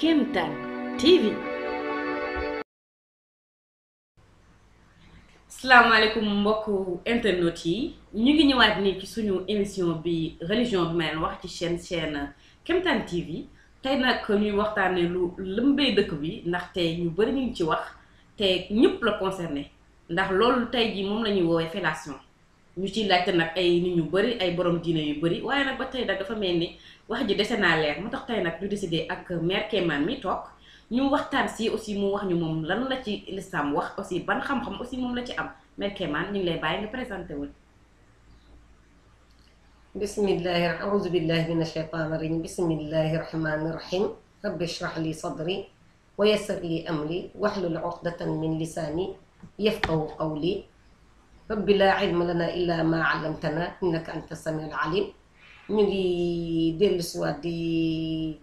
Kempten TV. salaamaaleykum mbokku internet yi ñu ngi ñëwaat nii ci suñu émission bi religion bi ma wax ci chaîne chaîne Kempten TV tey nag ñuy waxtaanee lu lëmbee dëkk bi ndaxte ñu bari ñu ngi ci wax te ñëpp la concerné ndax loolu tey jii moom lañuy ñuy woowee fellation. ñu ci laajte nak ay nit ñu bari ay borom diine yu bari waye nak ba tay da dafa melni wax ji déssena naa leer mu tax tey nag ñu décidé ak mère Kémane mi tok ñu waxtaan si aussi mu wax ñu mom lan la ci l'islam wax aussi ban xam-xam aussi mom la ci am mère Kémane ñu ngi lay bàyyi nga présenté wul bismillahi audu billahi min ashaitan rajim bismillahi rahmani rahim rabbi shrah li sadri wa yassir li amri wahlul uqdatan min lisani yafqahu qawli رب لا علم لنا الا ما علمتنا انك انت السميع العليم ملي ديل سوا دي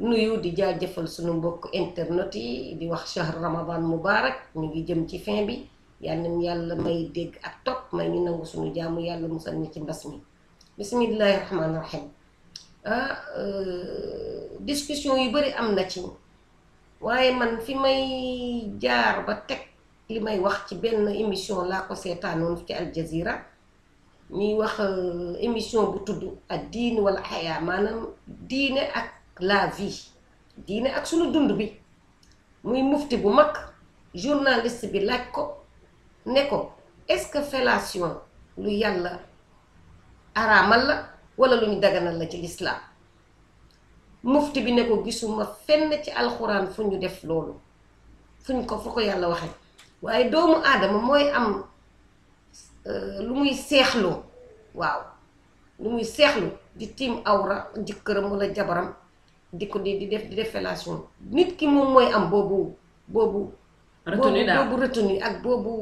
نيو دي جاجفل سونو بوك انترنتي دي واخ شهر رمضان مبارك ملي جيم تي فين بي يعني يالا ماي ديغ اك توك ماي ني نانغو سونو جامو يالا موسال ني بسمي بسم الله الرحمن الرحيم اه ديسكوسيون يبري امنا تي واي مان في ماي جار با تك li may wax ci benn émission laa ko seetaanoon ci Aljazeera ñuy wax émission bu tudd ak diin wala xayaa maanaam diine ak la vie diine ak sunu dund bi muy mufti bu mag journaliste bi laaj ko ne ko est-ce que fellation lu yàlla araamal la wala lu ñu daganal la ci lislaam mufti bi ne ko gisuma fenn ci alxuraan fu ñu def loolu fuñ ko fu ko yàlla waxee waaye doomu aadama mooy am euh, lu muy seexloo waaw lu muy seexlu di tiim awra jëkkëram wala jabaram di ko di di def di def fellation nit ki moom mooy am boobu boobu retenu daal boobu retenu ak boobu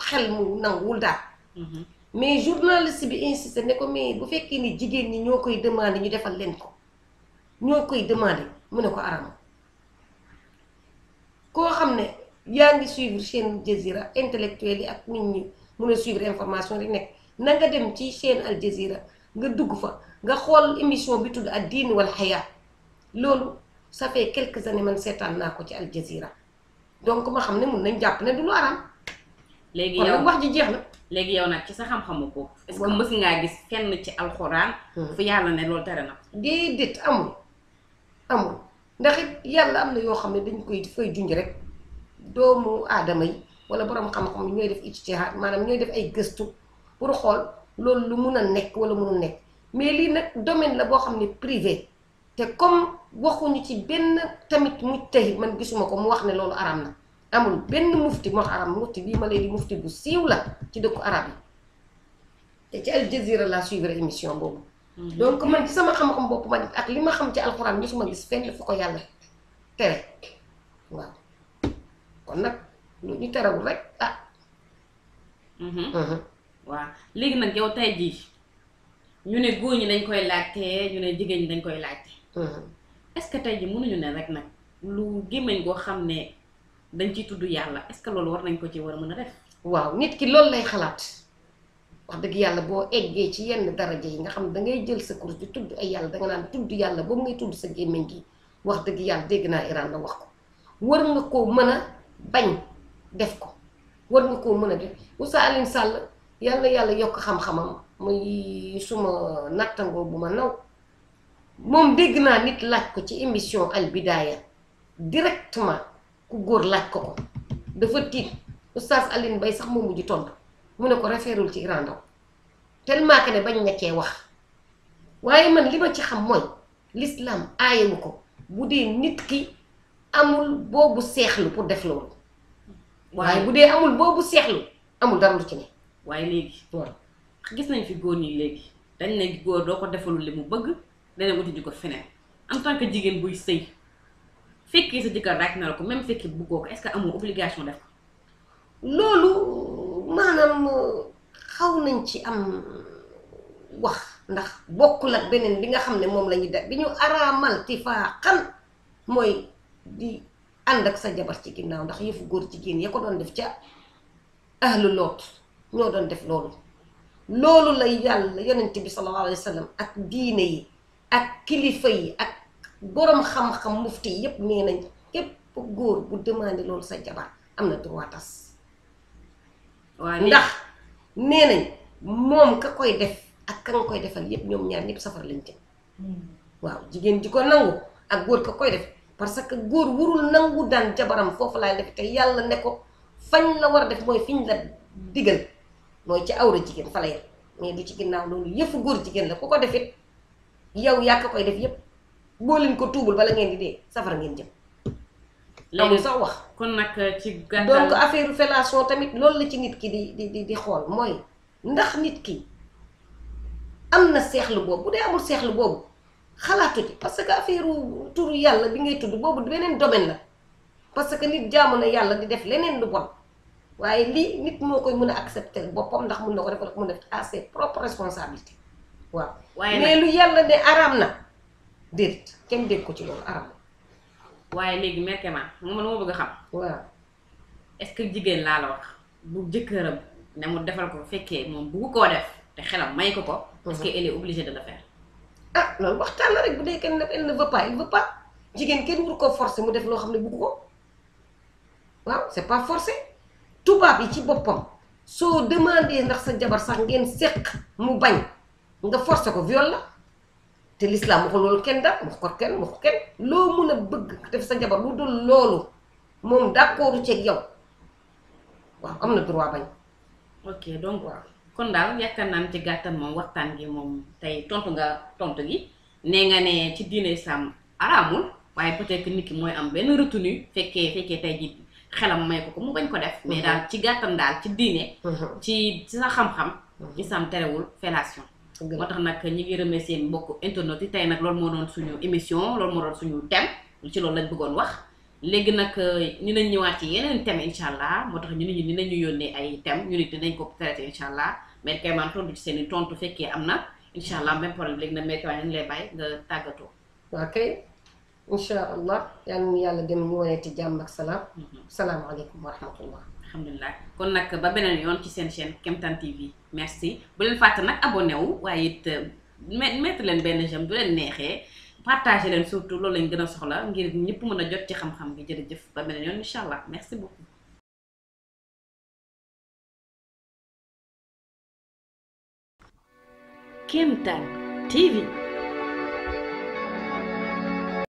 xel mu nanguwul daal mhm. mais journaliste bi insisté ne ko mais bu fekkee ni jigéen ñi ñoo koy demandé ñu defal leen ko ñoo koy demandé mu ne ko araam koo xam ne yaa ngi suivre chaîne Jazeera intellectuel yi ak nit ñi mun a suivre information rek nekk na nga dem ci chaîne Al Jazeera nga dugg fa nga xool émission bi tudd ak diin wal xayaa loolu ça fait quelques années man seetaan naa ko ci Al Jazeera donc ma xam ne mun nañ jàpp ne du lu araam. léegi yow wax ji jeex na. léegi yow nag ci sa xam-xamu ko. est-ce ngaa gis kenn ci alxuraan. Hmm. fu yàlla ne loolu tere na ko. déedéet amul amul ndax yàlla am na yoo xam ne dañ koy dafay junj rek. doomu aadama yi wala borom xam-xam yi ñooy def ay gëstu pour xool loolu lu mun a nekk wala munul nekk mais lii nag domaine la boo xam ne privé te comme waxuñu ci benn tamit mujtahid man gisuma ko mu wax ne loolu araam na amul benn mufti moo araam mufti bii ma lay bu siiw la ci dëkku arab te ci Al Jazeera laa suivre émission boobu mhm. donc sama xam-xam bopp ma ak li ma xam ci alxuraan gisuma gis fenn fu ko yàlla tere waaw kon nag ñu terewul rek ah. Mm-hmm. Mm-hmm. waaw léegi nag yow tey jii ñu ne góor ñi dañ koy laajte ñu ne jigéen ñi dañ koy laajte. Mm-hmm. est-ce que tey jii mënuñu ne rek nag lu gémmañ goo xam ne dañ ciy tudd yàlla est loolu war nañ ko ci war a mën a def. waaw nit ki loolu lay xalaat wax dëgg yàlla boo eggee ci yenn ji yi nga xam ne da ngay jël sa course di tudd ay yàlla da nga naan tudd yàlla boobu ngay tudd sa gémmañ gi wax dëgg yàlla dégg naa Iran la wax ko war nga koo mën bañ def ko war nga koo mën a def Moussa Alioune sàll yàlla yàlla yokk xam-xamam muy suma nattangoo bu ma naw moom dégg naa nit laaj ko ci émission Al Bidaaya directement ku góor laaj ko ko dafa tiit oustaz Alioune bay sax moo mujj tontu mu ne ko rafeerul ci Iran Ndao tellement ne bañ na cee wax waaye man li ma ci xam mooy l'islam aayewu ko bu dee nit ki amul boobu seexlu pour def loolu. waaye bu dee amul boobu seexlu amul dara lu ci ne. waaye léegi. waaw gis nañ fi góor ñi léegi dañ ne góor doo ko defalul li mu bëgg de dana wuti ji ko feneen en tant que jigéen buy sëy fekki sa jëkkër ràcc na la ko même fekki bëggoo ko est-ce que amul obligation def ko. loolu maanaam xaw nañ ci am wax ndax bokkul ak beneen bi nga xam ne moom la ñuy def bi ñu araamal tifaaxan mooy. di ànd ak sa jabar ci ginnaaw ndax yëfu góor jigéen ya ko doon def ca ahlu loot ñoo doon def loolu loolu la yàlla yonent bi sallallahu alayhi ak diine yi ak kilifa yi ak boroom xam mufti yi yépp nañ képp góor bu demandé loolu sa jabar am na droit tas ndax moom ka koy def ak ka koy defal yépp ñoom ñaar ñëpp lañ jëm hmm. waaw jigéen ji ko nangu ak góor ka koy def parce que góor warul nangu daan jabaram foofu laay def te yàlla ne ko fañ la war a def mooy fiñ la digal mooy ci awra jigéen fa la yem mais du ci ginnaaw loolu yëfu góor jigéen la ku ko def it yow yàq koy def yëpp boo leen ko tuubul bala ngeen di dee safara ngeen jëm. amul sax wax kon nag euh, ci gàttal affaire fellation tamit loolu la ci nit ki di di di xool mooy ndax nit ki am na seexlu boobu bu dee amul seexlu boobu. xalaatu ci parce que affaire turu yalla bi ngay tudd bobu benen domaine la parce que nit jaamu na yàlla di def leneen lu bon waye li nit moo koy mën accepter bopam ndax mën nako ko def wala mun def à ses propres responsabilités waaw. waaye mais lu yalla ne aram na dit kenn dégg ko ci loolu aram waye waaye léegi merke ma moom la bëgg xam. waaw est ce que jigen la la wax bu jëkëram ne mu defal ko fekkee mom bu ko def te xelam may ko ko. parce que mhm. elle est obligée de le faire. ah loolu waxtaan la rek bu dee kenn elle ne veut pas il jigéen kenn waru ko forcer mu def loo xam ne bugg ko waaw c'est pas forcé tubaab yi ci boppam soo demandé ndax sa jabar sax ngeen seq mu bañ nga forcer ko viol la te l'islam waxul loolu kenn daal wax ko kenn wax kenn loo mun a bëgg def sa jabar lu dul loolu moom d'accordu ceeg yow waaw am na droit bañ ok donc waaw kon dal yaakaar naan ci gàttal mom waxtan gi mom tay tontu nga tontu gi ne nga ne ci diine sam aramul waye peut-être nit ki mooy am ben retenu fekke fekke tay ji xelam may ko ko mu bañ ko def mais dal ci gàttam dal ci diine mm-hmm. ci ci sa xam-xam mm-hmm. islam terewul fellation moo tax ñi ngi remercier mbokk internet tay nak lool mo doon suñu émission lool tem, doon suñu thème ci lool lañ bëggoon wax légui nak ñu euh, nañ ñëwaat ci yeneen thème inshallah motax ñu nit ñi ay thème ñu nit dinañ ko traiter inshallah maire Kayman tontu ci tontu fekkee am na incha allah même problème léegi nag maire Kayman tàggatoo. ok incha yàlla dem ñu waneeti jàmm ak salaam. Mhm. salaamaaleykum wa rahmatullah. kon nag ba beneen yoon ci seen chaîne Kemtan TV merci bu leen fàtte nag abonné wu waaye it euh, mettre leen benn j'aime bu leen neexee partager leen surtout loolu lañ gën a soxla ngir ñëpp mën a jot ci xam-xam bi jërëjëf ba beneen yoon incha allah merci beaucoup. Kempten TV.